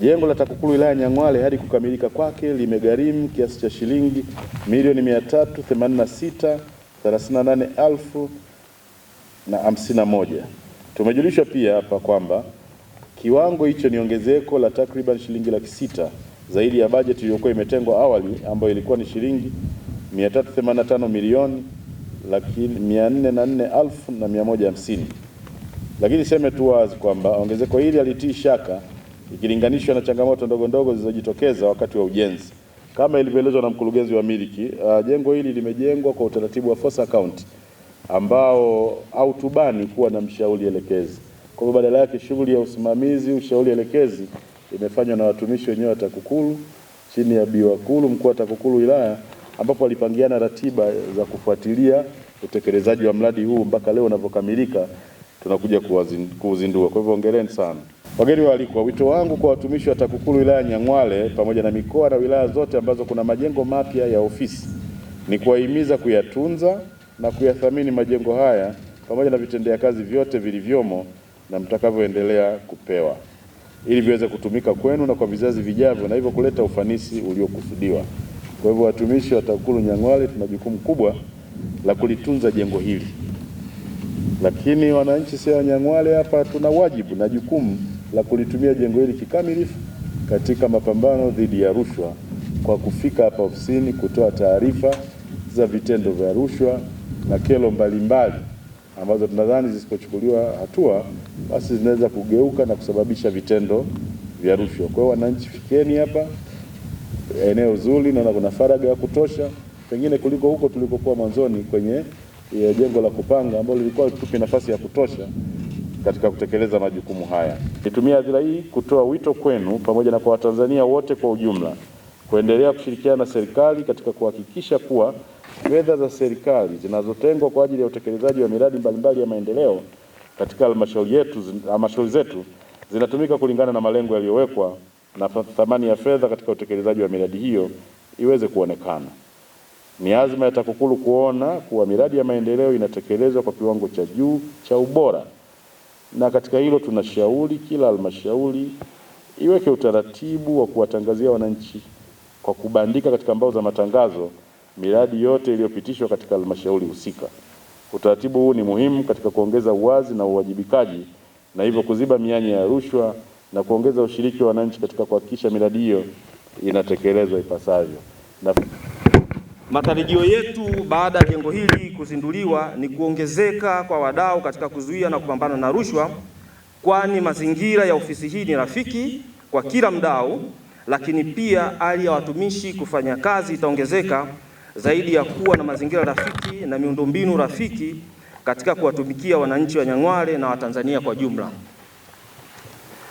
Jengo la TAKUKURU wilaya nyang'wale Nyang'hwale hadi kukamilika kwake limegharimu kiasi cha shilingi milioni 386,38,051. Tumejulishwa pia hapa kwamba kiwango hicho ni ongezeko la takriban shilingi laki sita zaidi ya bajeti iliyokuwa imetengwa awali ambayo ilikuwa ni shilingi 385 milioni laki 404,150. Lakini seme tu wazi kwamba ongezeko hili halitii shaka ikilinganishwa na changamoto ndogo ndogo zilizojitokeza wakati wa ujenzi. Kama ilivyoelezwa na mkurugenzi wa miliki, uh, jengo hili limejengwa kwa utaratibu wa force account ambao hautubani kuwa na mshauri elekezi. Kwa hivyo badala yake shughuli ya usimamizi, ushauri elekezi imefanywa na watumishi wenyewe wa TAKUKURU chini ya biwakulu mkuu wa TAKUKURU wilaya, ambapo walipangiana ratiba za kufuatilia utekelezaji wa mradi huu mpaka leo unavyokamilika tunakuja kuuzindua. Kwa hivyo ongeleni sana wageni waalikwa. Wito wangu kwa watumishi wa TAKUKURU wilaya nyang'wale pamoja na mikoa na wilaya zote ambazo kuna majengo mapya ya ofisi ni kuwahimiza kuyatunza na kuyathamini majengo haya pamoja na vitendea kazi vyote vilivyomo na mtakavyoendelea kupewa ili viweze kutumika kwenu na kwa vizazi vijavyo na hivyo kuleta ufanisi uliokusudiwa. Kwa hivyo watumishi wa TAKUKURU nyangwale tuna jukumu kubwa la kulitunza jengo hili lakini wananchi sio Wanyang'wale hapa tuna wajibu na jukumu la kulitumia jengo hili kikamilifu katika mapambano dhidi ya rushwa kwa kufika hapa ofisini kutoa taarifa za vitendo vya rushwa na kero mbalimbali ambazo tunadhani zisipochukuliwa hatua basi zinaweza kugeuka na kusababisha vitendo vya rushwa. Kwa hiyo wananchi, fikieni hapa, eneo zuri, naona kuna faraga ya kutosha, pengine kuliko huko tulikokuwa mwanzoni kwenye ya jengo la kupanga ambalo lilikuwa tupi nafasi ya kutosha katika kutekeleza majukumu haya. Nitumia hadhira hii kutoa wito kwenu pamoja na kwa Watanzania wote kwa ujumla kuendelea kushirikiana na serikali katika kuhakikisha kuwa fedha za serikali zinazotengwa kwa ajili ya utekelezaji wa miradi mbalimbali ya maendeleo katika halmashauri yetu halmashauri zetu zinatumika kulingana na malengo yaliyowekwa na thamani ya fedha katika utekelezaji wa miradi hiyo iweze kuonekana. Ni azma ya TAKUKURU kuona kuwa miradi ya maendeleo inatekelezwa kwa kiwango cha juu cha ubora, na katika hilo tunashauri kila halmashauri iweke utaratibu wa kuwatangazia wananchi kwa kubandika katika mbao za matangazo miradi yote iliyopitishwa katika halmashauri husika. Utaratibu huu ni muhimu katika kuongeza uwazi na uwajibikaji na hivyo kuziba mianya ya rushwa na kuongeza ushiriki wa wananchi katika kuhakikisha miradi hiyo inatekelezwa ipasavyo na Matarajio yetu baada ya jengo hili kuzinduliwa ni kuongezeka kwa wadau katika kuzuia na kupambana na rushwa, kwani mazingira ya ofisi hii ni rafiki kwa kila mdau, lakini pia hali ya watumishi kufanya kazi itaongezeka zaidi ya kuwa na mazingira rafiki na miundombinu rafiki katika kuwatumikia wananchi wa Nyang'hwale na Watanzania kwa jumla.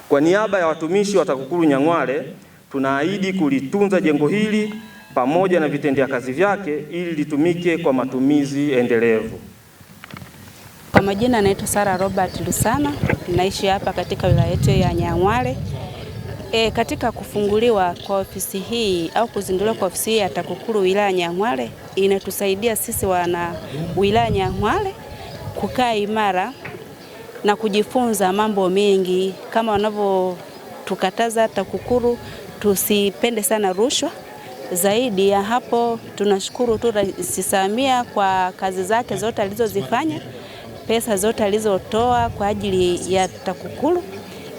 Kwa niaba ya watumishi wa TAKUKURU Nyang'hwale tunaahidi kulitunza jengo hili pamoja na vitendea kazi vyake ili litumike kwa matumizi endelevu. Kwa majina anaitwa Sara Robert Lusana, naishi hapa katika wilaya yetu ya Nyang'wale. E, katika kufunguliwa kwa ofisi hii au kuzinduliwa kwa ofisi hii ya TAKUKURU wilaya nyangwale inatusaidia sisi wana wilaya Nyang'wale kukaa imara na kujifunza mambo mengi kama wanavyotukataza TAKUKURU tusipende sana rushwa. Zaidi ya hapo, tunashukuru tu Rais Samia kwa kazi zake zote alizozifanya, pesa zote alizotoa kwa ajili ya TAKUKURU,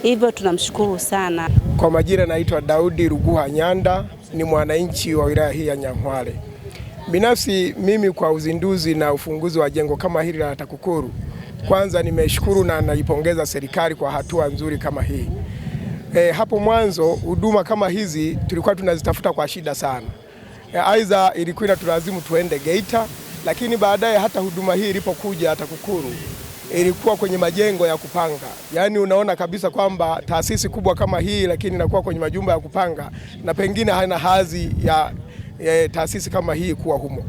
hivyo tunamshukuru sana. Kwa majina naitwa Daudi Ruguha Nyanda, ni mwananchi wa wilaya hii ya Nyang'hwale. Binafsi mimi kwa uzinduzi na ufunguzi wa jengo kama hili la TAKUKURU, kwanza nimeshukuru na naipongeza serikali kwa hatua nzuri kama hii eh, hapo mwanzo huduma kama hizi tulikuwa tunazitafuta kwa shida sana. Eh, aidha e, ilikuwa inatulazimu tuende Geita, lakini baadaye hata huduma hii ilipokuja TAKUKURU ilikuwa kwenye majengo ya kupanga. Yaani unaona kabisa kwamba taasisi kubwa kama hii lakini inakuwa kwenye majumba ya kupanga na pengine haina hadhi ya e, taasisi kama hii kuwa humo.